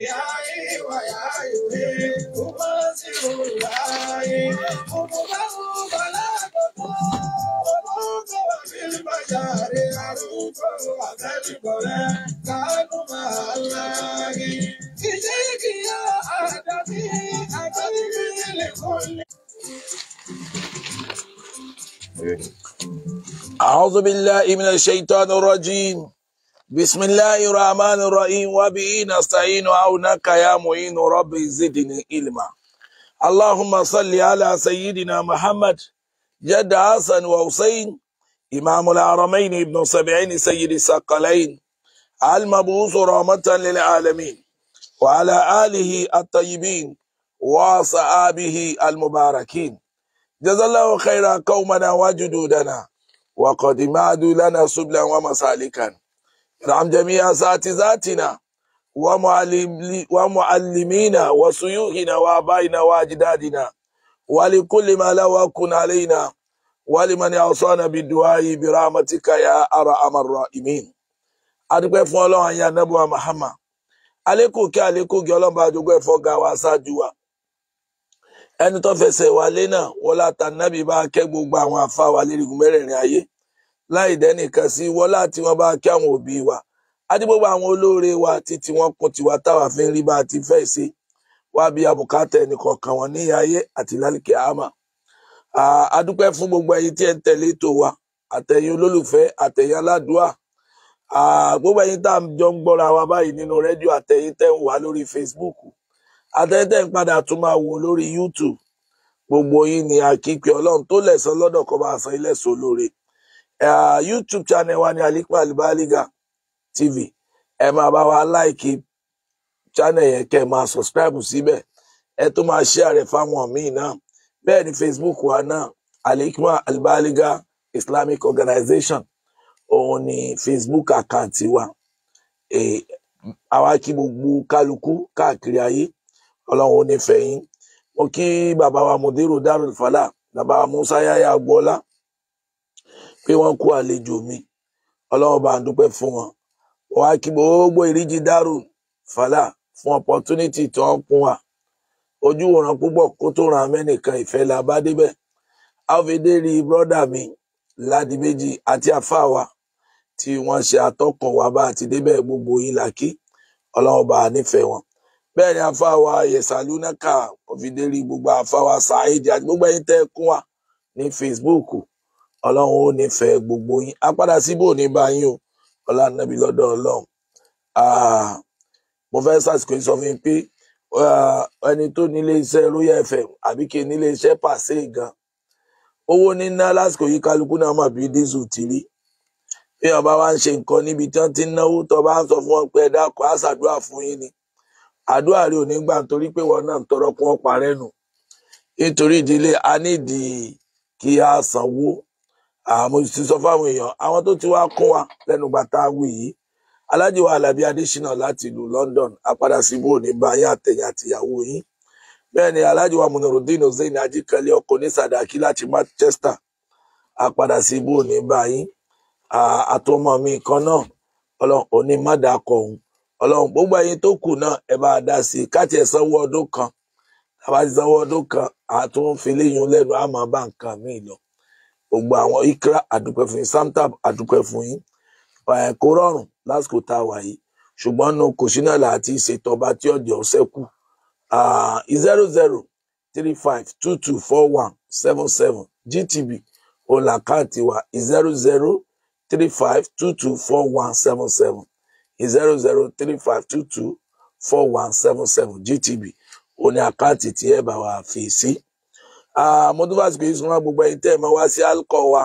أعوذ بالله من الشيطان الرجيم بسم الله الرحمن الرحيم وبه نستعين عونك يا معين ربي زدني علما اللهم صل على سيدنا محمد جد حسن وحسين إمام الحرمين ابن سبعين سيد الثقلين المبعوث رحمة للعالمين وعلى آله الطيبين وصحابه المباركين جزا الله خيرا قومنا وجدودنا وقد مادوا لنا سبلا ومسالكا ارحم جميع اساتذتنا ومعلمينا وسيوخنا وأبائنا وأجدادنا ولكل ما له حق علينا ولمن اوصانا بالدعاء برحمتك يا ارحم الراحمين adúpẹ́ fún ọlọ́run ayé anábùwà mahama alékò kí alékò gé ọlọ́mọba àjogún ẹ̀fọ́ ga wa ṣáájú wa ẹni tó fẹsẹ̀ wálé náà wọlá tànàbí bá kẹ́ gbogbo àwọn àfa lérí gun mẹ́rẹ̀ẹ̀rin ayé láì dẹ́nìkan sí wọ́n láti wọ́n bá kí àwọn òbí wa àti gbogbo àwọn olóore wa àti tí wọ́n kún tiwa táwa fi ń rí bá a ti fẹ́ ṣe wá bí àbùkátà ẹnìkọ̀ọ̀kan wọn ní ayé àti lálùkẹ́ àmà adúpẹ́ fún gbogbo ẹ̀yin tí ẹ ń tẹ̀lé ètò wa àtẹ̀yin olólùfẹ́ àtẹ̀yin aládùá gbogbo ẹ̀yin tá à ń jọ ń gbọ́ra wa báyìí nínú rédíò àtẹ̀yin tẹ́ ń wà lórí Facebook àtẹ̀yin tẹ́ ń padà tún máa wò lórí YouTube gbogbo yín ni àkíkẹ́ Ọlọ́run tó lẹ̀san lọ́dọ̀ kó bá san ilẹ̀sọ lóore Ah, youtube channel wa ní Alikpa Albaliga TV ẹ máa bá wa láìkì channel yẹn kẹ́ máa subscribe síbẹ̀ ẹ tó máa share rẹ̀ fáwọn míì náà bẹ́ẹ̀ ni facebook wa náà Alikpa Albaliga Islamic Organization òun ni facebook account wa àwa kí gbogbo kálukú káàkiri ayé ọlọ́run ò ní fẹ̀yìn mo kí bàbá wa mudiru darul fala bàbá wa musa yaya agboola pé wọ́n kó àlejò mi ọlọ́run bá ń dúpẹ́ fún wọn wọ́n á kí gbogbo ìríjì dárò fàlà fún opportunity tó ń kún wa ojú òràn púpọ̀ kó tó ran amẹ́nìkan ìfẹ́ la bá débẹ̀ áfẹ́dé rí brọ́dà mi ládìméjì àti àfáàwà tí wọ́n ṣe atọ́kùn wa bá ti débẹ̀ gbogbo yín làkí ọlọ́run bá nífẹ̀ẹ́ wọn bẹ́ẹ̀ ni àfáàwà yẹ̀sálúnákà òfìdérí gbogbo àfáàwà sàáìdì àti gbogbo ẹ̀yin tẹ́ kún wa ní Facebook ọlọ́run ó nífẹ̀ẹ́ gbogbo yín á padà síbò ní báyìí o ọlá nàbí lọ́dọ̀ ọlọ́run mo fẹ́ sàsìkò yìí sọ fún mi pé ẹni tó nílé iṣẹ́ royal fm àbí kí nílé iṣẹ́ pàṣẹ gan owó níná lásìkò yìí kálukú náà mà bí dísù ti rí bí wọn bá wá ń ṣe nǹkan níbi tí wọn ti ń náwó tó bá ń sọ fún wọn pé ẹ dákun á ṣàdúrà fún yín ni àdúrà rí òní gbà torí pé wọn náà ń tọrọ kún ọpa rẹ nù nítorí ìdílé a nídìí kí a sanwó àmọ́ sì sọ fáwọn èèyàn àwọn tó ti wá kún wa lẹ́nu bàtà wì yìí Alhaji wa Alabi láti ìlú London apadà sí ibò ní báyà àtẹ̀yìn àtìyàwó yín bẹ́ẹ̀ ni Alhaji wa Munirudin Hussein Ajikanle ọkọ ní Sàdákì láti Manchester apadà sí ibò ní báyìí àtọmọ mi kan náà Ọlọ́run òní má dàkọ òun Ọlọ́run gbogbo ẹ̀yin tó kù náà ẹ bá dá sí i káàtì ẹ sanwó ọdún kan tàbá sanwó ọdún kan àtúnfilé yun lẹ́nu bá nǹkan míì lọ gbogbo àwọn ikra àdúpẹ́ fún yín samtab àdúpẹ́ fún yín kò rọrùn lásìkò tá a wà yìí ṣùgbọ́n nu kòṣínà láti ṣètò ọba tí ọ̀dẹ̀ ọ̀sẹ̀ kù zero zero three five two two four one seven seven gtb olakanti wa zero zero three five two two four one seven seven zero zero three five two two four one seven seven gtb òní àkáǹtì tí ẹ bá wa fi mo tún fàsìkò yìí súnmọ́ gbogbo ẹ̀yin tẹ́ ẹ̀ máa wá sí alkọ wa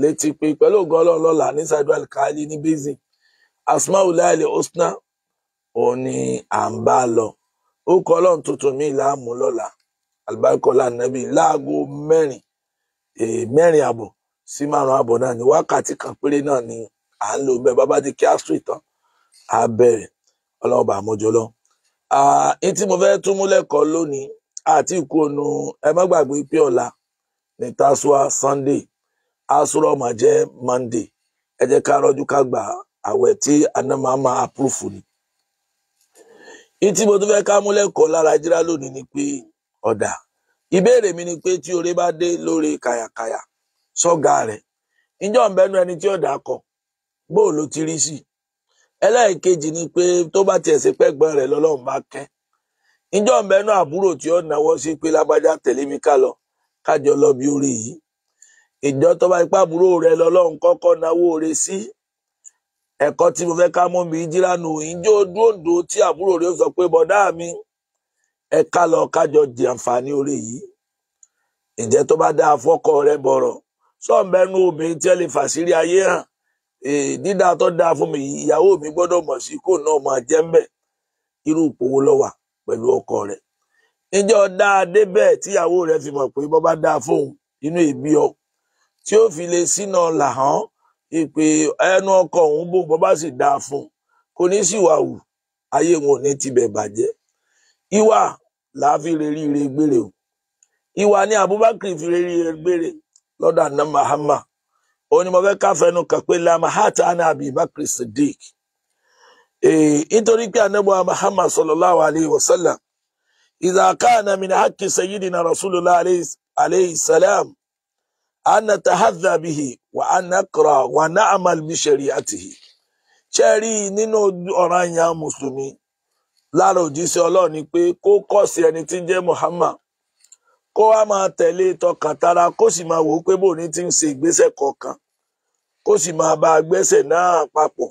létí pé pẹ̀lú ògo ọlọ́run lọ́la ní sadu alikali ní basin asmaul ali husna òun ni à ń bá lọ ó kọ ọlọ́run tuntun mi láàmú lọ́la alibarikola nabi láago mẹ́rin mẹ́rin àbọ̀ sí márùn àbọ̀ náà ní wákàtí kan péré náà ni à ń lò bẹ́ẹ̀ bàbá ti kí astro ìtàn á bẹ̀rẹ̀ ọlọ́run bá àmójọ lọ. èyí tí mo fẹ́ tún múlẹ̀ kọ́ lónìí àti ìkónú ẹ má pé ọ̀la ní tasua sunday asúrọ̀ mà jẹ́ monday ẹ jẹ́ ká rọjú ká gbà àwẹ tí anamá máa àpúrúfù ni. ìtí mo tún fẹ́ ká mú lẹ́kọ̀ọ́ lára jíra lónìí ni pé ọ̀dà ìbéèrè mi ni pé tí oore bá dé lórí kàyàkàyà sọ́gà rẹ̀ ìjọ ń ẹni tí ọ̀dà kọ̀ bóò ló ti rí sí i ẹlẹ́ẹ̀kejì ni pé tó bá tiẹ̀ sí pẹ́gbọ́n rẹ̀ lọ́lọ́run bá kẹ́ níjọ́ mẹ́nu àbúrò tí ó náwó sí pé lágbájá tẹ̀lé mi ká lọ kájọ lọ bí orí yìí ìjọ tó bá ipá àbúrò rẹ lọ́lọ́run kọ́kọ́ náwó rẹ sí ẹkọ tí mo ká mọ́ mi jíránu ìjọ dúndùn tí àbúrò rẹ sọ pé bọ̀dá mi ẹ ká lọ kájọ di àǹfààní orí yìí ǹjẹ́ tó bá rẹ obìnrin tí ẹ lè ayé hàn dídá mi ìyàwó mi sí kó náà máa irú pẹ̀lú ọkọ rẹ̀ níjọ́ dáa débẹ̀ tíyàwó rẹ̀ fi mọ̀ pé bọba bá dáa fóun inú ìbí ọ tí ó fi lè sínà làhán ìpè ẹnu ọkọ òun bò bọba bá sì dáa fún kò ní sì wà wù ayé wọn ò ní tibẹ̀ bàjẹ ìwà làáfi lè ire gbére o ìwà ni Abubakar fi lè ire gbére lọ́dọ̀ àná Mahama òun ni mo fẹ́ káfẹ́nu kàn pé lamahata anabi Bakri Siddiq ee eh, nítorí pé anábọ̀ Muhammad sallallahu alayhi wa sallam idha kana min haqqi sayyidina rasulullah alayhi salam an natahadha bihi wa an naqra wa na'mal bi shari'atihi chẹ́rí nínú ọ̀ràn yẹn mùsùlùmí lára òjíṣẹ́ ọlọ́run ni pé kó kọ́sí ẹni tí ń jẹ́ Muhammad kó wá máa tẹ̀lé tọkàntara kó sì máa wò ó pé bóun ní ti ń ṣe ìgbésẹ̀ kọ̀ọ̀kan kó sì máa bá a náà papọ̀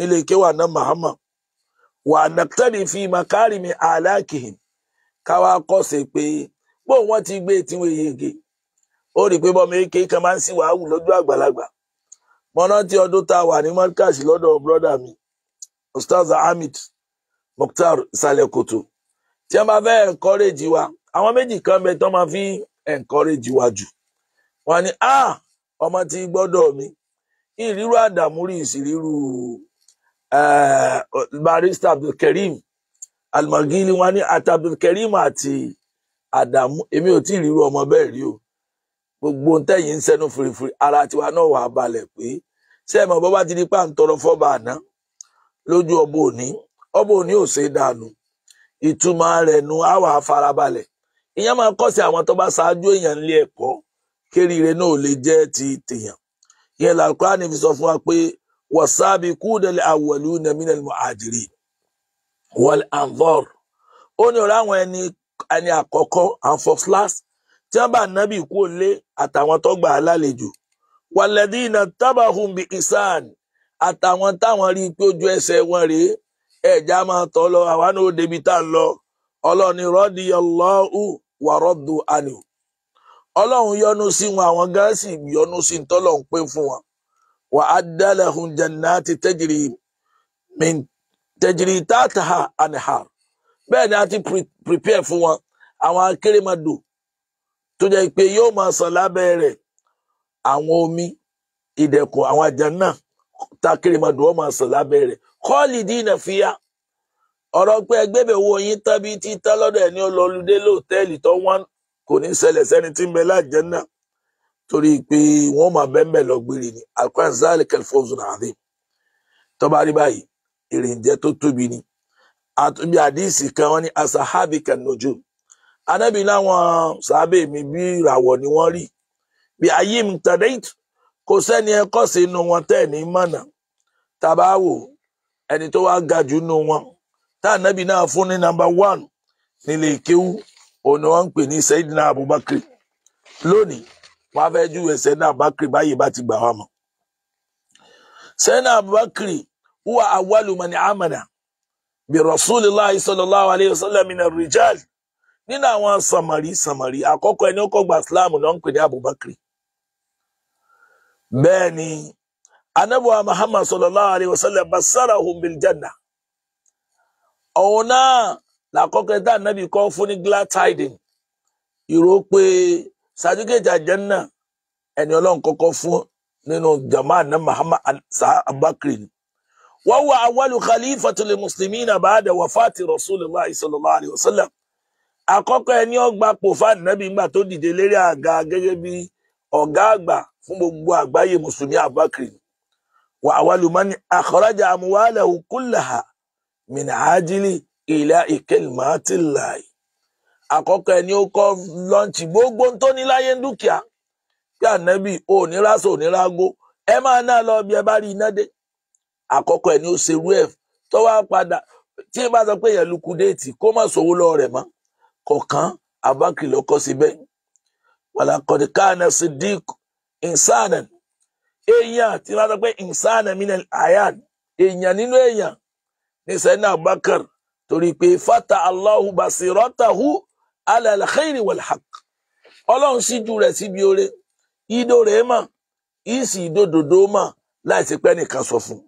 nílé kéwà náà Muhammad wa nàkítàdì fi makarimi alákìhìn káwa kọ́ sí pé bó wọ́n ti gbé tiwọn yege ó rí i pé bọ́mọ èké kan máa ń sì wàá wù lójú mo rántí ọdún tá a wà ní markaz lọ́dọ̀ brọ́dà mi ustaz Amit, Mukhtar Salekoto tí wọ́n bá fẹ́ encourage wa àwọn méjì kan bẹ tó máa fi encourage wa jù wọ́n ní ah ọmọ ti gbọ́dọ̀ mi ìrírú àdàmúrí ìsìrírú Eh, barista abdulkareem almagili wọn ati àti abdulkareem àti adamu Emi o tí ì ríru ọmọ bẹ́ẹ̀ rí o gbogbo ń tẹ̀yìn ń sẹ́nu ara tiwa náà wà á balẹ̀ pé sẹ́ẹ̀mọ̀ bọ́ bá ti di pa ń tọrọ fọ́ba àná lójú ọba òní ọba òní ò ṣe dànù ìtumọ̀ rẹ̀ nu àwà àfarabalẹ̀ ìyẹn máa kọ́sí àwọn tó bá ṣáájú èèyàn nílé ẹ̀kọ́ kéríire náà ò lè jẹ́ ti tèèyàn ìyẹn làkúrá ní fi sọ fún wa pé wasabiquna al-awwaluna min al-muhajirin wal-anzar ó ní ọ̀rọ̀ àwọn ẹni ẹni àkọ́kọ́ àwọn first class tí wọ́n bá nábì kú òlé àtàwọn tó gbà á lálejò wàlẹ́dínà tábàhùn bí isan àtàwọn táwọn rí i pé ojú ẹsẹ̀ wọn rèé ẹ̀já máa tọ́ lọ àwa náà ó débi tá à ń lọ ọlọ́ni rọ́ọ̀dì ọlọ́ọ̀hù wàrọ́ọ̀dù ànú ọlọ́run yọ́nú sí wọn àwọn gáàsì yọ́nú sí tọ́lọ́run pé fún wọn وأعد لهم جنات تجري من تجري تحتها أنهار bẹ́ẹ̀ ni a ti prepare fún wọn àwọn akérèmọdò tó jẹ́ pé yóò máa sàn lábẹ́ rẹ̀ àwọn omi ìdẹ̀kùn àwọn àjànà tá akérèmọdò wọn máa sàn lábẹ́ rẹ̀ kọ́ọ̀lì dínà fìyà ọ̀rọ̀ pé ẹgbẹ́bẹ̀ wo yín tán bíi títán lọ́dọ̀ ẹ̀ ní ọlọ́lùdé lọ́tẹ́ẹ̀lì tó wọ́n kò ní ṣẹlẹ̀ sẹ́ni tí ń bẹ lájẹ́ náà torí pé wọ́n máa bẹ́ẹ̀ lọ gbére ni alquran zali kalfozun adhim tó bá rí báyìí ìrìnjẹ tó tóbi ni àtúbí àdìsí kan wọ́n ní asahabi kanojo anábì láwọn sábẹ́ mi bí ìràwọ̀ ni wọ́n rí bí ayé mi tàdéyìt kò sẹ́ni ẹ̀kọ́ sí inú wọn tẹ́ ní mọ̀nà tabawo ẹni tó wá ga jù nù wọn tá ànábì náà fún ní nàmbà wán nílé ìkéwú òun ni wọ́n ń pè ní sayidina abubakar lónìí wọn fẹẹ júwe sẹni abakiri báyìí bá ti gbà wá mọ sẹni abakiri huwa awwalu man amana bi rasulillah sallallahu alayhi wa sallam min ar-rijal nínú àwọn samari samari àkọ́kọ́ ẹni ó gba islam ló ń pè ní abubakar bẹ́ẹ̀ ni anabuwa muhammad sallallahu alayhi wa sallam basarahum bil janna òun náà làkọ́kọ́ ẹ̀dá anabi kọ́ fún ní glad tidings ìró pé ṣáájú kéèjì àjẹnà ẹni Ọlọ́run kọ́kọ́ fún nínú jamaa na Muhammad abakiri ni wọn wà awalu khalifatul muslimina ba'da wafati rasulillahi sallallahu alayhi wa sallam àkọ́kọ́ ẹni ọgbà pòfà nàbí ńgbà tó dìde lérí àga gẹ́gẹ́ bí ọ̀gá àgbà fún gbogbo àgbáyé mùsùlùmí abakiri wà awalu mani akhraja amwalahu kullaha min ila ikilmatillahi àkọ́kọ́ ẹni ó kọ́ lọ́ǹtì gbogbo tó ní láyé dúkìá bí ànábì ò ní ráṣọ ò ní rágó ẹ máa ná lọ bí ẹ bá rí iná dé àkọ́kọ́ ẹni ó ṣe rú ẹ̀ tó wá padà tí ẹ bá sọ pé èèyàn lukú déètì kó má sòwò lọ rẹ̀ mọ́ kọ̀ọ̀kan abákì lọ́kọ́ síbẹ̀ wàlàkọ̀dé káàna sidik insanan èèyàn tí wọ́n sọ pé insanan mi àyàn èèyàn nínú èèyàn ní sẹ́yìn abakar torí pé fata allahu basiratahu ala al-khayri wal-haqq ọlọ́run síjú rẹ̀ síbi oore ìdó rẹ̀ mà ìsì ìdódòdó mà láìsí pé nìkan sọ fún.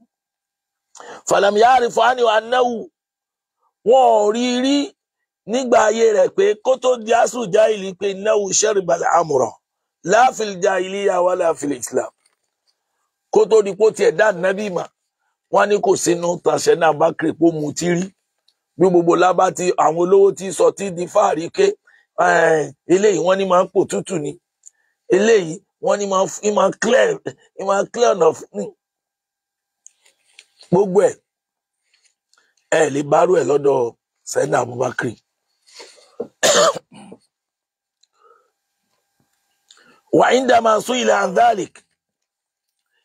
falam ya'rifu anhu annahu wọn ò rí rí nígbà ayé rẹ̀ pé kó tó di asu jahili pé innahu sharibal amra la fil jahiliya wala fil islam kó tó di pé ó tiẹ̀ wọn ni kò sínú tàṣẹ náà bá kiri pé mutí rí bí gbogbo lábá ti àwọn olówó ti sọ ti di fáàrí ké eh, eléyìí wọ́n ní máa ń pò tútù ni eléyìí wọ́n ní máa ń clear máa ń clear ọ̀nà fún gbogbo ẹ̀ ẹ̀ lè bárò ẹ̀ lọ́dọ̀ sẹ́ńdà Abubakar wàyíndàmà sún ilẹ̀ anzalik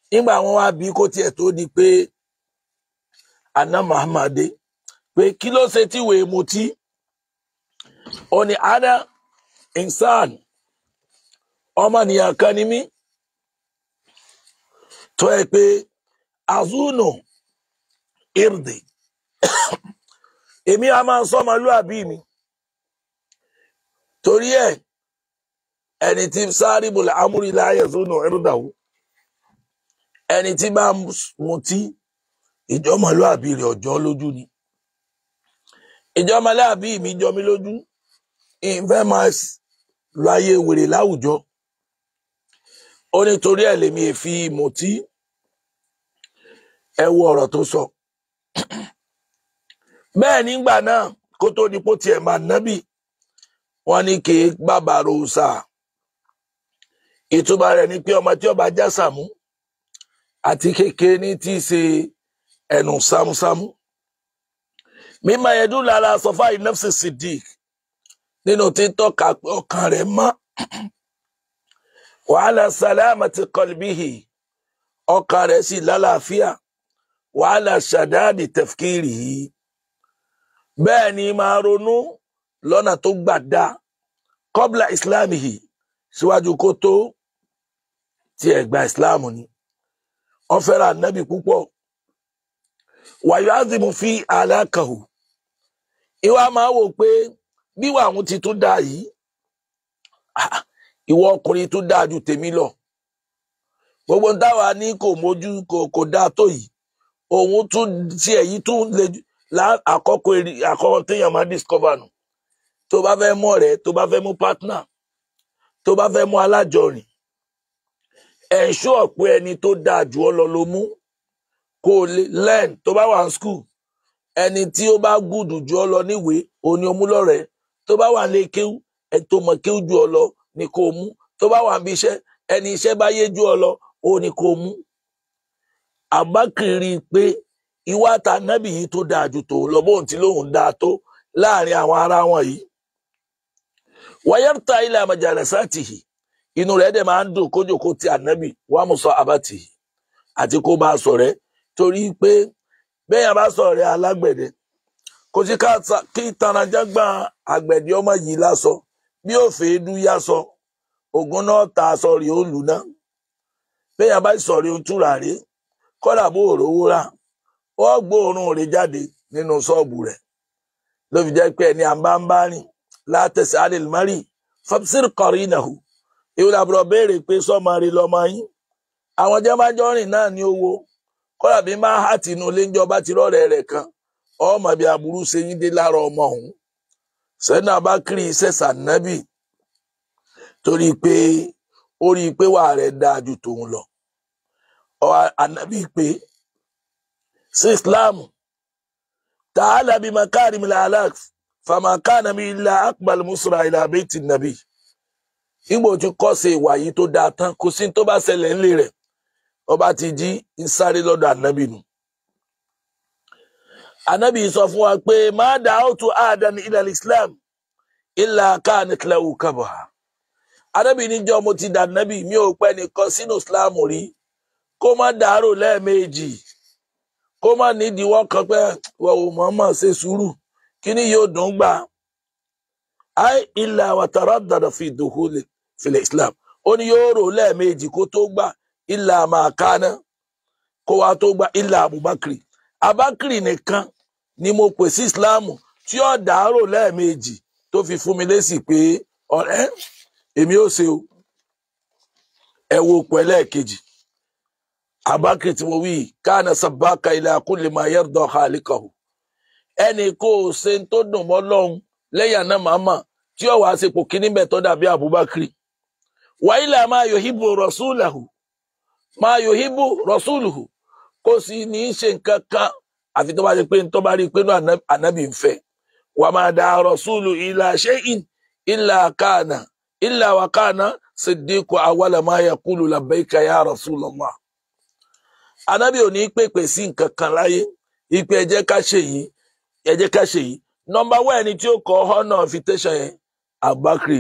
nígbà wọn wá bí kó tiẹ̀ tó di pé anna muhammadu pé kí ló ṣe tí wèé mutí ó ní ana insan ọmọnìyàn kan ni mí tó ẹ pé azuno irde èmi a máa ń sọ ọmọlúàbí mi torí ẹ ẹni tí sáré bòlá amúrilá ayẹsùn ìrúdàwó ẹni tí bá mutí ìjọmọlúàbí rẹ ọjọ́ lójú ni ìjọ ọmọláàbí mi jọ mí lójú infamas láyé wèrè láwùjọ ó nítorí ẹ lèmi èfi mọtí ẹ wo ọ̀rọ̀ tó sọ bẹ́ẹ̀ nígbà náà kó tó di pó tiẹ̀ máa nábì wọ́n ní kì í bàbà ròòsà ìtumọ̀ rẹ̀ ni pé ọmọ tí ọba já sàmú àti kékeré ní tí ṣe ẹnu sámúsámú mímọ ẹdún lára sọfà inafsi sidik nínú títọ́ ka ọkàn rẹ̀ mọ́ wàhálà salamati qalbihi ọkàn rẹ̀ sì lálàáfíà wàhálà ṣàdáàdì tẹfkìrì yìí bẹ́ẹ̀ ni máa ronú lọ́nà tó gbà dá kọ́bla ìsìláàmù yìí síwájú kó tó tiẹ̀ gba ìsìláàmù ni wọ́n fẹ́ràn nábì púpọ̀ azimu fi alákàhù ìwà máa wò pé bíwà àwọn ti tún dáa yìí ìwọ ọkùnrin tún dáa ju tèmi lọ gbogbo táwa ní kò mójú kò kò dáa tó yìí òun tún tí èyí tún lè àkọ́kọ́ àkọ́kọ́ téèyàn máa discover nù tó bá fẹ́ mú ọ̀rẹ́ tó bá fẹ́ mú partner tó bá fẹ́ mú alájọrìn ensure pé ẹni tó dáa jù ọ lọ ló mú kó o learn tó bá wà ní school ẹni tí ó bá gùdù jù ọ lọ níwèé òun ni ó mú lọ́rẹ̀ẹ́ tó bá wà lé kéwú ẹ tó mọ̀ kéwú jù ọ lọ ni kò mú tó bá wà níbi iṣẹ́ ẹni iṣẹ́ bá yé jù ọ lọ òun kò mú. àbákiri pé ìwà ta nábì yìí tó dáa ju tòun lọ bóun tí lóun dáa tó láàrin àwọn ará wọn yìí. wáyẹ́rìtà ilẹ̀ àmàjàrẹ̀ sáàtì yìí inú rẹ̀ dẹ̀ máa ń dùn kójòkó ti ànábì wàá àbátì àti kó bá a sọ̀rẹ́ torí pé bẹ́ẹ̀ bá sọ̀rọ̀ rẹ alágbẹ̀dẹ kò sí kí ìtànàjágbà àgbẹ̀dẹ ọmọ yìí lásọ bí ó fèé dú ògùn náà ta aṣọ rẹ ó lù náà bẹ́ẹ̀ bá sọ̀rọ̀ ohun túra kọ́dà bó òrówó rà wọ́n gbóòórùn rẹ jáde nínú ṣọ́ọ̀bù rẹ̀ ló fi jẹ́ pé ẹni àbámbárìn béèrè pé rẹ lọ́mọ yín àwọn jẹ́ bá náà kọ́ra bí máa hà tì inú ilé ń jọba ti rọ́ọ̀rẹ́ rẹ̀ kan ọmọ bíi aburú ṣe yín dé lára ọmọ ọ̀hún sẹ́nà bá kiri iṣẹ́ sànẹ́bì torí pé ó rí i pé wàá rẹ̀ dáa ju tòun lọ ànábì pé sí Islam tààlà bíi makari mi làálàk fàmàkánà mi ilà akpal musra ilà abẹ́tì nàbì ìgbò tí kọ́ ṣe ìwà yìí tó dáa tán kò sí tó bá ṣẹlẹ̀ ńlẹ̀ rẹ̀ ọba ti jí ń sáré lọ́dọ̀ ànábì nù. ànábì sọ fún wa pé má dà ó tu àdán ilẹ̀ islam ilà káàníkìlẹ̀ òkàbà. ànábì níjọ́ mo ti dà ànábì mi ò pẹ́ nìkan sínú islam rí kó má dàárò lẹ́ẹ̀mejì kó má nídìíwọ́ kan pé wọ́n ò mọ̀ọ́mọ̀ ṣe sùúrù kí ni yóò dùn gbà. ai ilà wàtàrà dàdà fi dùkú filẹ̀ islam ó ní yóò rò lẹ́ẹ̀mejì kó tó gbà ilà màkánà kó wa tó gba ilà abubakiri abakiri nìkan ni mo pè sí ìsìláàmù tí ó dàárò lẹ́ẹ̀mejì tó fi fún mi lésì pé ọ̀rẹ́ èmi ò ṣe o ẹ wo pẹ̀lẹ́ kejì abakiri tí mo wí káàna sabaka ilà kulli ma yarda ẹnì kò ṣe tó dùn mọ́ lọ́hùn lẹ́yìn àná màmá tí ó wàá ṣe pò kíní bẹ̀ tó dàbí abubakiri wàhálà máa yòhìbò rasulahu máa yòhíbù rọ̀ṣúlùhù kó sì ní í ṣe nǹkan kan àfi tó bá rí pé tó bá rí pé náà ànábì ń fẹ́ wà máa da rọ̀ṣúlù ìlà ṣẹ́yìn ìlà kàánà ìlà wà kàánà sídìkù awàlámáyà kúlù làbẹ́ìkà yà rọ̀ṣúlùmọ́. ànábì ò ní í pèpè sí nǹkan kan láyé ìpè ẹ ká ṣe yìí ẹ ká ṣe yìí nọ́mbà wẹ́ẹ̀ ni tí ó kọ honor invitation yẹn abakiri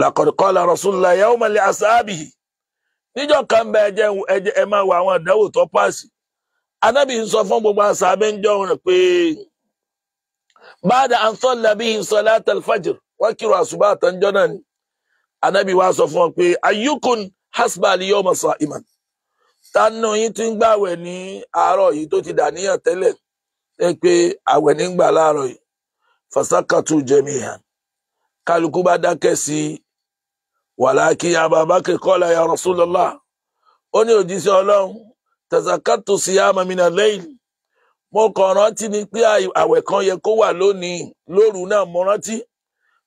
lakọ̀dùkọ́lá rọ̀ṣúlù yawma li asabihi níjọ́ kan bẹ ẹjẹ ẹjẹ ẹ máa wo àwọn ìdánwò tó pàṣẹ anábì ń sọ fún gbogbo àṣà abẹ́ńjọ́ rẹ̀ pé báàdà àǹsọ̀ làbí ìsọ̀lá tẹlifájìr wọ́n kírò àṣùbà àtàǹjọ́ náà ni anábì wá sọ fún wọn pé ayukun hasba al-yawma sa'iman tánú yín ti ń gbàwẹ̀ ní àárọ̀ yìí tó ti dà níyàn tẹ́lẹ̀ ẹ pé àwẹ̀ ní gbà láàárọ̀ yìí fasakatu jami'an kálukú bá dákẹ́ sí wàláàkì ababakr qala ya Rasulullah ó ní òjíṣẹ́ ọlọ́run tazakatu siyama mina layl mo kàn rántí ni pé àwẹ̀ kan yẹ kó wà lónìí lóru náà mo rántí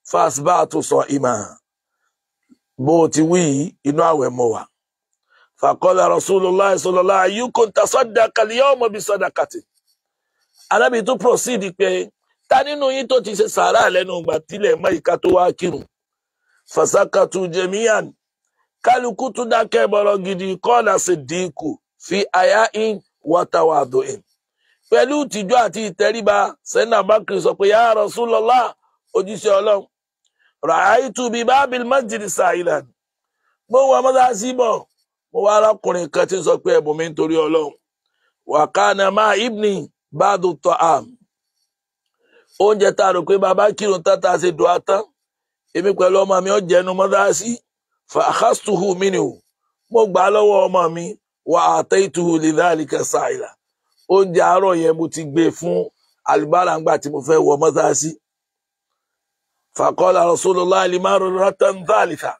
fasbahtu sa'iman bó ti wí inú àwẹ̀ mo wà fàkọ́lá rasulullah sallallahu ayyukun tasaddaqa al-yawma bi sadaqati alábì tó proceed pé ta nínú yín tó ti ṣe sàárà lẹ́nu ìgbà tílẹ̀ mọ́ ìka tó wá kírun fasakatu jamian kálukú tún dákẹ́ bọ̀rọ̀ gidi kọ́ọ̀lá sídìkù fi àyà in wàtàwàdù in pẹ̀lú tìjú àti ìtẹríba sẹ́nà bákìrì sọ pé yà á Rasulullah ojúṣe ọlọ́run ràáìtù bíi bábìlì masjid sailan mo wà mọ́sáàsì bọ̀ mo wá arákùnrin kan tí ń sọ pé ẹ̀bùn mi ń torí ọlọ́run wàkánà máa ibni ba'du ta'am oúnjẹ tá a rò pé bàbá kírun tá tá ṣe dùn á èmi pẹ̀lú ọmọ mi ó jẹnu mọ́dásí fa akhastuhu minhu mo gbà á lọ́wọ́ ọmọ mi wa ataituhu lidhalika sa'ila oúnjẹ àárọ̀ yẹn mo ti gbé e fún alùbárà ńgbà tí mo fẹ́ wọ mọ́dásí. faqala rasulullah limaru ratan thalitha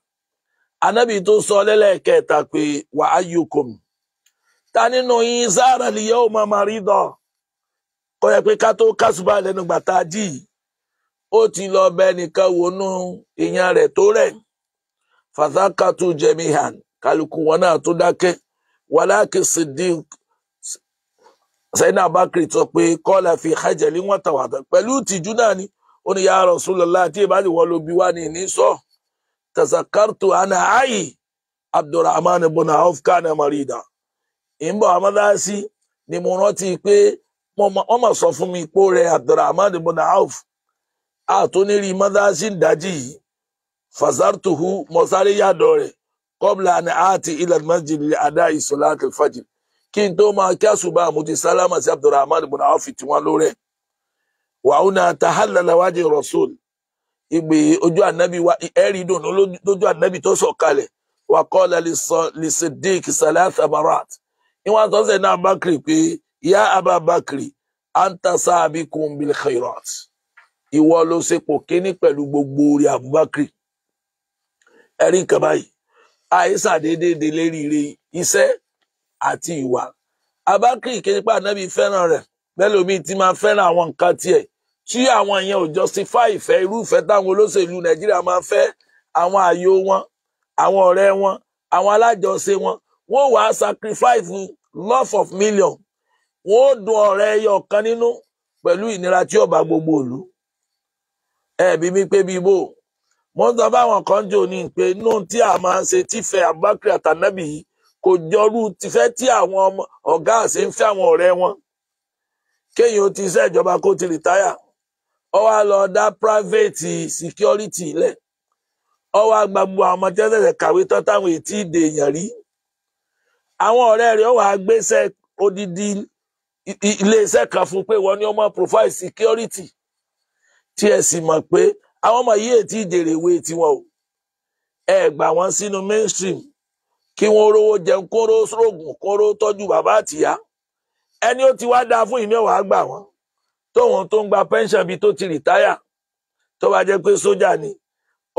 anabi tó sọ lẹ́lẹ́kẹta pé wa ayyukum ta nínú yín zara liyawma marida kọ́ yẹ pé ká tó kásùbà lẹ́nu gbàtà jíì ó ti lọ bẹ nìkan wọnú ìyàn rẹ̀ tó rẹ̀ fàtàkàtú jẹmíhàn kálukú wọn náà tó dákẹ́ wàláàkì Siddiq sẹyìn abakiri sọ pé kọlà fi hajjali wọn tàwàtà pẹ̀lú tìjú náà ni ó ní ya Rasulullah tí ìbáàdì wọn ló bí wá ní ní sọ tasakartu ana ayi Abdurrahman ibn Auf marida ìbọ amadasi ni mo rántí pé wọn mọ sọ fún mi pé rẹ Abdurrahman ibn Auf àtúnírí mọ́dáṣí ìdájí yìí fasartuhu mọ̀sáré yàdọ̀ rẹ̀ kọ́bla ní àti ilẹ̀ masjid lè adá ìsọ̀láàtì fàjì kí n tó máa kí àṣùbà àmúti sálámà sí abdulrahman ibùnà áfì tí wọ́n lórẹ́ wàhùnà tahallala wájú rasul ìgbè ojú ànábì wa ẹ̀rí dùnú lójú ànábì tó sọ̀ kalẹ̀ wà kọ́lá li siddiq salasa marat ìwọ̀n tó náà bakri pé ya ababakri anta saabikum bil khairat ìwọ ló ṣepò kíní pẹ̀lú gbogbo orí Abubakar ẹrí nǹkan báyìí àìsà déédéé de léríire iṣẹ́ àti ìwà Abubakar kínípa anábì fẹ́ràn rẹ̀ mẹlòmíì ti máa fẹ́ràn àwọn nǹkan tiẹ̀ tí àwọn yẹn ò justify ìfẹ́ irúfẹ́ táwọn olóṣèlú Nàìjíríà máa fẹ́ àwọn ààyò wọn àwọn ọ̀rẹ́ wọn àwọn alájọṣe wọn wọ́n wàá sacrifice love of million wọ́n ó dun ọ̀rẹ́ ẹyọ kan nínú pẹ̀lú ìnira tí ó gbogbo ìlú ẹbí mi pé bíi bò mo ń sọ fáwọn kan jò ní pé inú tí a máa ń ṣe tífẹ́ abubakar àtànábì yìí kò jọrú tífẹ́ tí àwọn ọ̀gá àṣẹ ń fẹ́ àwọn ọ̀rẹ́ wọn kéèyàn ti iṣẹ́ ìjọba kó ti rìtáyà ó wá lọ dá private security lẹ̀ ó wá gba gbogbo àwọn ọmọ tí wọ́n ṣẹ̀ṣẹ̀ kàwé tán táwọn ètí ìdèèyàn rí àwọn ọ̀rẹ́ rẹ̀ ó wá gbéṣẹ́ odidi iléeṣẹ́ kan fún pé wọ́n ní ọmọ profile security tí ẹ sì mọ̀ pé àwọn ọmọ yìí ètí ìjèrè ìwé tiwọn o ẹ gbà wọn sínú mainstream kí wọn rówó jẹun kóró sóògùn kóró tọ́jú bàbá àtìyá ẹni ó ti wá dáa fún ìní ọwà gbà wọn tóun tó ń gba pension bíi tó ti rìtáyà tó bá jẹ́ pé sójà ni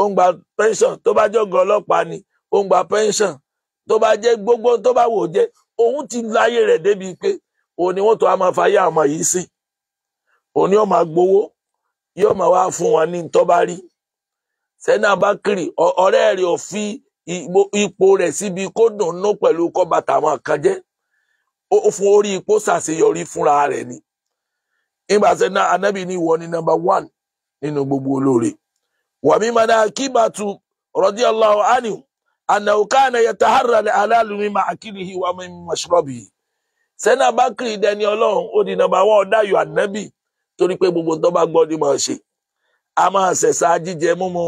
ó ń gba pension tó bá jọgọ ọlọ́pàá ni ó ń gba pension tó bá jẹ́ gbogbo tó bá wò jẹ òun ti láyé rẹ̀ débi pé òun ni wọn tó a máa fàyà ọmọ yìí sí òun ni ó máa gbowó yóò máa wá fún wọn ní tó bá rí ọ̀rẹ́ fi ipò rẹ̀ síbi kó dùnnú pẹ̀lú kọ́bàtà àwọn kan jẹ́ ó fún orí ipò fúnra rẹ̀ ni nígbà sẹ́nà anábì ìwọ ni nọmba one nínú gbogbo olóore wàmí mana akíbatu radiyallahu anhu annahu kana yataharra al-halalu mimma akilihi sẹ́nà dẹni ọlọ́run ó torí pé gbogbo tó bá gbọ́ ni màá ṣe a máa ṣẹ̀ṣà jíjẹ múmu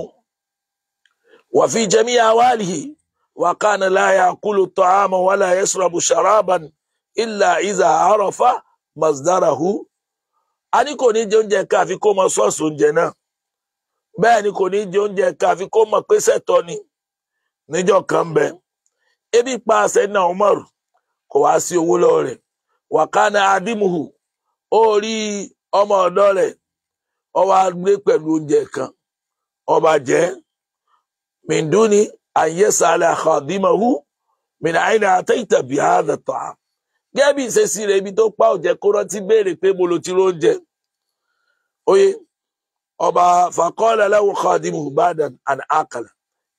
wa fi jami awalihi wa kana la yakulu ta'ama wala yashrabu sharaban illa iza arafa masdarahu a ní kò ní jẹ oúnjẹ káàfi kó mọ sọ́ọ̀sì oúnjẹ náà bẹ́ẹ̀ ni kò ní jẹ oúnjẹ káàfi kó mọ pé sẹ́tọ́ ni níjọ́ kan bẹ ebi pa Sayyidina Umar kò wá sí owó lọ́wọ́ rẹ̀ wa adimuhu ó rí i ọmọ ọ̀dọ̀ rẹ̀ ọwọ́ agbé pẹ̀lú oúnjẹ kan ọba jẹ́ minduni ayesa alakadimahu mina aina ataita bihada ta'am gẹ́bí ìṣesí rẹ̀ ibi tó pa òjẹ́ kó rántí béèrè pé mo lo ti róúnjẹ oye ọba fàkọ́ọ̀lẹ̀ lẹ́wọ̀n kọ́ọ̀dìmù ìbàdàn and akala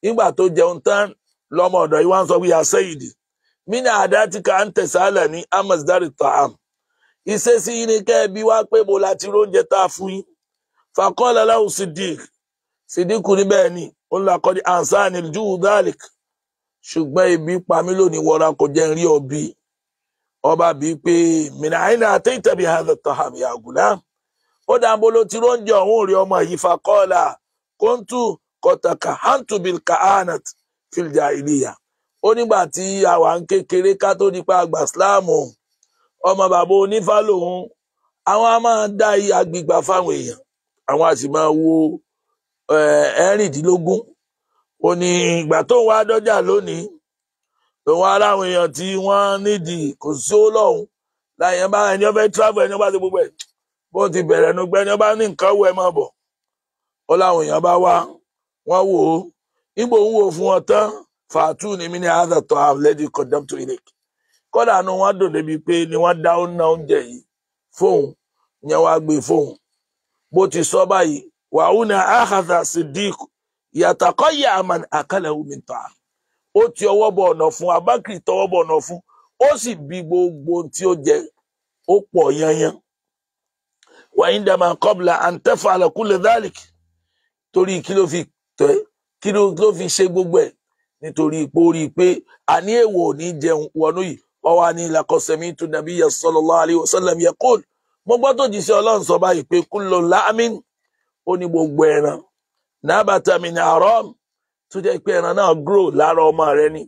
nígbà tó jẹun tán lọ́mọ ọ̀dọ̀ yìí wá sọ pé ya sẹ́yìdì mí ní àdá tí ká ń tẹ̀sálẹ̀ ní amasdari ìṣesí yìí ni kẹ́ ẹ bí wá pé mo láti róúnjẹ tá a fún yín fàkọ́lá láwùn sidik sidiku ní bẹ́ẹ̀ ni ó ń lakọ́ ní ansani júù dalek ṣùgbọ́n ibi pamí lónìí wọra kò jẹ́ rí ọbí ọba bí pé mina aina àtẹ́tẹ̀bí hadha taham ya gulam ó dá bolo ti róúnjẹ ọ̀hún rí ọmọ yìí fàkọ́lá kóńtù kọtàkà hantu kahanat fil jahiliya ó nígbà tí àwa ń kékeré ká tó nípa àgbà síláàmù ọmọ bàbá onífá lòun àwọn a máa dá agbègbà fáwọn èèyàn àwọn a sì máa wo ẹ̀rìndínlógún ó ní ìgbà tó wá dọ́jà lónìí lòun ara àwọn èèyàn tí wọ́n nídìí kò sí ó lọ́hùn láyẹn bá ẹni ọbẹ̀ travel ẹni ọba ti gbogbo ẹ̀ bó ti bẹ̀rẹ̀ ẹnu gbẹ́ ẹni ọba ní nǹkan wọ ẹ máa bọ̀ ó láwọn èèyàn bá wá wọ́n wò ó nígbà òun wò fún wọn tán fàtú ni mí ní àádọ́tọ̀ àlẹ́dí condemn to ilé kódà nu wọn dùn débi pé ni wọn dá ó ná oúnjẹ yìí fóun yẹn wàá gbé fóun bó ti sọ báyìí wàhùnà àhàzà sidik yàtàkọ yà àmà àkàlẹ omi tà ó ti ọwọ́ bọ ọ̀nà fún abákìrì tọwọ́ bọ ọ̀nà fún ó sì bí gbogbo tí ó jẹ ó pọ̀ yanyan wàyíndàmà kọbla àǹtẹfà àlàkùlẹ dálìk torí kí ló fi tẹ kí ló fi ṣe gbogbo ẹ nítorí pé ó rí i pé àní èèwọ̀ ò ní jẹun wọnú yìí ọwọ́ ni làkọ̀sẹ̀mí tu nabiyya sallallahu alayhi wa sallam yaqul mo gbọ́ tó jíṣẹ́ ọlọ́run sọ báyìí pé kullu la'min ó ní gbogbo ẹran nabata min haram tó jẹ́ pé ẹran náà grow lára ọmọ rẹ ni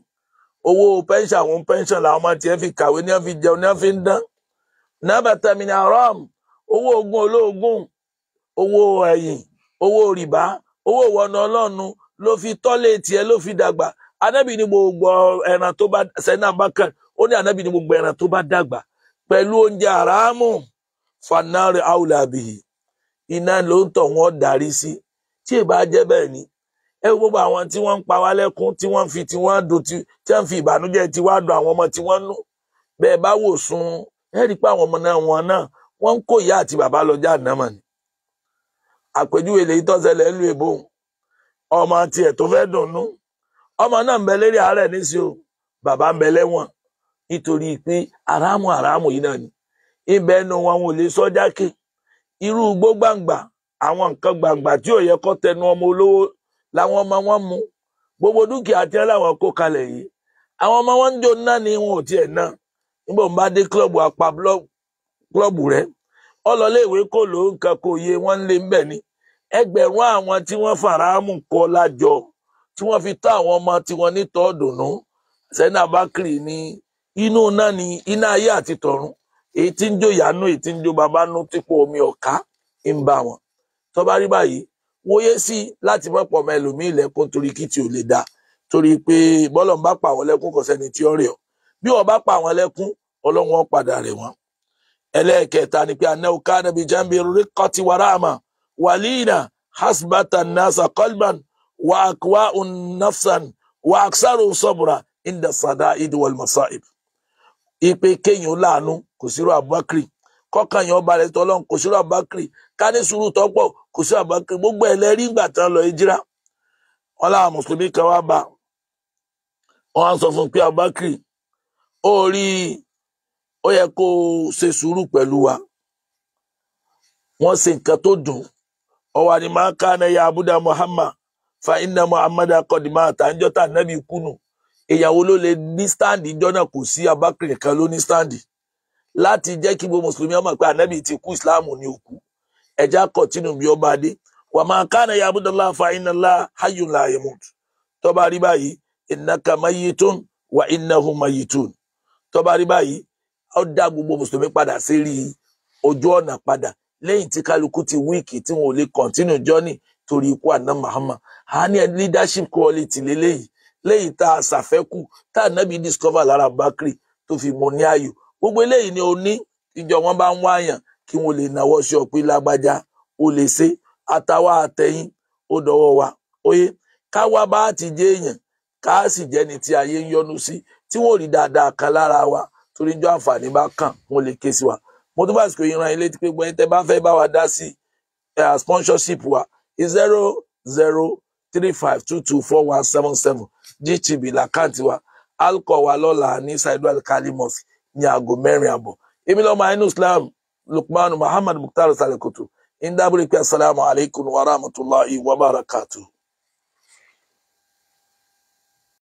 owó pẹ́ńṣà àwọn pẹ́ńṣà làwọn ọmọ tiẹ̀ fi kàwé ní wọ́n fi jẹun ní wọ́n fi ń dán nabata min haram owó ogun olóògùn owó ẹ̀yìn owó rìbá owó ìwọ̀nà ọlọ́run ló fi tọ́lé tiẹ̀ ló fi dàgbà anábì ni gbogbo ẹran tó bá sẹ́nà bákan ó ní ànábì ní gbogbo ẹran tó bá dàgbà pẹ̀lú oúnjẹ àràámù fanare aulabihi iná ló ń tọ̀ wọ́n darí sí tí ì bá jẹ́ bẹ́ẹ̀ ni ẹ wo gbogbo àwọn tí wọ́n ń pa wá lẹ́kún tí wọ́n ń fi tí wọ́n dùn tí wọ́n ń fi ìbànújẹ́ tí wọ́n á dùn àwọn ọmọ tí wọ́n ń nú bẹ́ẹ̀ bá wò sun ẹ rí i pé àwọn ọmọ náà wọn náà wọ́n ń kó ìyá àti bàbá lọ já ànámọ̀ ni àpèjúwe lèyí tó ṣẹlẹ̀ ńlu èbó ọmọ tiẹ̀ tó fẹ́ dùnnú ọmọ náà ń bẹ lérí àárẹ̀ níṣẹ́ o bàbá ń bẹ lẹ́wọ̀n nítorí pé aráàmù aráàmù yìí náà ni ibẹ̀ ẹnu wọn ò lè sọ jákè irú igbó gbàǹgbà àwọn nǹkan gbàǹgbà tí ò yẹ kó tẹnu ọmọ olówó làwọn ọmọ wọn mú gbogbo dúkìá tí wọn làwọn kó kalẹ̀ yìí àwọn ọmọ wọn ń jó náà ni wọn ò tiẹ̀ náà nígbà wọn bá dé kílọ̀bù apá kílọ̀bù rẹ ọlọléèwé kò ló nǹkan kò yé wọn lé ń bẹ ni ẹgbẹ̀rún àwọn tí wọn faraamu kọ lájọ tí wọn fi tó àwọn ọmọ tiwọn nítọọdùnú sẹni abakiri ní inú náà ni iná ayé àti tọ̀run èyí tí ń jó ìyanu èyí tí ń jó bàbá nú típò omi ọ̀ká ń bá wọn tó bá rí báyìí wòye sí láti mọ́ pọ̀ mọ́ ẹlòmíì lẹ́kún torí kí tí ò lè dáa torí pé bọ́lọ̀ ń bá pa àwọn lẹ́kún kò sẹ́ni tí ó rẹ̀ ọ́ bí wọ́n bá pa àwọn lẹ́kún ọlọ́run ó padà rẹ̀ wọ́n. ẹlẹ́ẹ̀kẹta ni pé anẹ́ òkà nàbí jambi rikọ́tì wàràmà wàlíìnà hasbata nasa kolban wa unnafsan wa aksaru sobra inda sada ipe kéèyàn ó láàánú kò sírò abubakar kọkàn yẹn ọba rẹ tọlọ́run kò sírò abubakar ká ní sùúrù tọpọ kò sírò abubakar gbogbo ẹlẹrí ìgbà tán lọ ìjírá wọn làwọn mùsùlùmí kan wá bá wọn á sọ fún pé abubakar ó rí ó yẹ kó ṣe sùúrù pẹ̀lú wa wọn ṣe nǹkan tó dùn ọwọ àdìmọ kánẹ ya abudu muhammad fa inna muhammad akọdìmọ àtàǹjọta nabi kunu èèyàn wo ló lè ní stáǹdì ìjọ náà kò sí abákìrì kan ló ní stáǹdì láti jẹ́ kí gbogbo mùsùlùmí ọmọ pé ànábì ti kú ìsìláàmù ní òkú ẹ̀já kọ̀tínú bí ọba adé wà máa kánà ya abudulayi fa iná ńlá hayyun la yamut tọ́ba rí báyìí innaka mayyitun wa innahum mayyitun tọ́ba rí báyìí ó dá gbogbo mùsùlùmí padà sí rí ojú ọ̀nà padà lẹ́yìn tí kálukú ti wíìkì tí wọn ò lè kọ̀ntínú jọ́nì torí ikú àná Muhammad a ní leadership quality lélẹ́yìí léyìí tá a ṣàfẹ́kù tá a nẹ́bi discover lára bakri tó fi mọ ní ayò gbogbo eléyìí ni o ní ìjọ wọn bá ń wá àyàn kí wọn lè náwó sí ọpẹ lágbájá o lè ṣe àtàwa àtẹ̀yìn ó dọwọ́ wa oyè káwa bá ti jẹ èèyàn ká sì jẹni tí ayé ń yọ́nú sí tí wọn ò rí dáadáa kan lára wa torí jọ àǹfààní bá kàn wọn lè ké sí wa mo tún bá àsìkò yìí ran ilé tí pé gbọ́n tẹ́ bá fẹ́ bá wa dá sí eh, sponsorship wa zero zero three five two two four one seven seven gtb làkáǹtì wa alcohol wa lọ́la ní saidu alikali mosque ní aago mẹ́rin àbọ̀ èmi lọ́mọ inú islam lukman muhammad mukhtar salikoto ń dábòrò pé asalaamualeykum wa rahmatulahi wa barakatuh.